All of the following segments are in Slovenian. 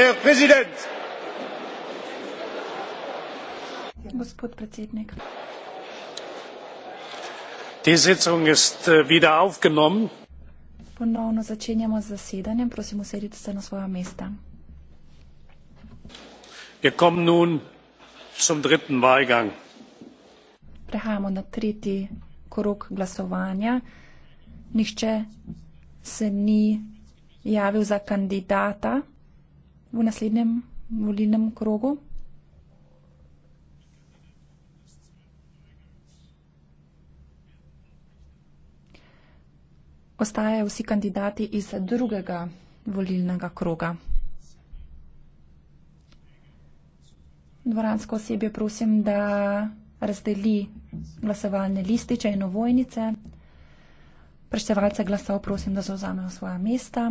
herr präsident! die sitzung ist äh, wieder aufgenommen. ponovno začenjamo z zasedanjem prosim usedite se na svoja mesta. wir kommen nun zum dritten wahlgang. prehajamo na tretji krog glasovanja. nihče se ni javil za kandidata v naslednjem volilnem krogu? Ostajajo vsi kandidati iz drugega volilnega kroga. Dvoransko osebje prosim, da razdeli glasovalne lističe in ovojnice. Preštevalce glasov prosim, da zavzamejo svoja mesta.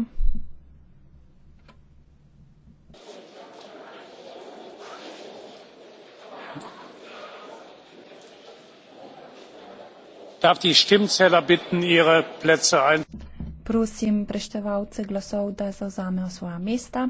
darf die Stimmzähler bitten, ihre Plätze einzunehmen. Prosim preštevalce glasov, da zauzamejo svoja mesta.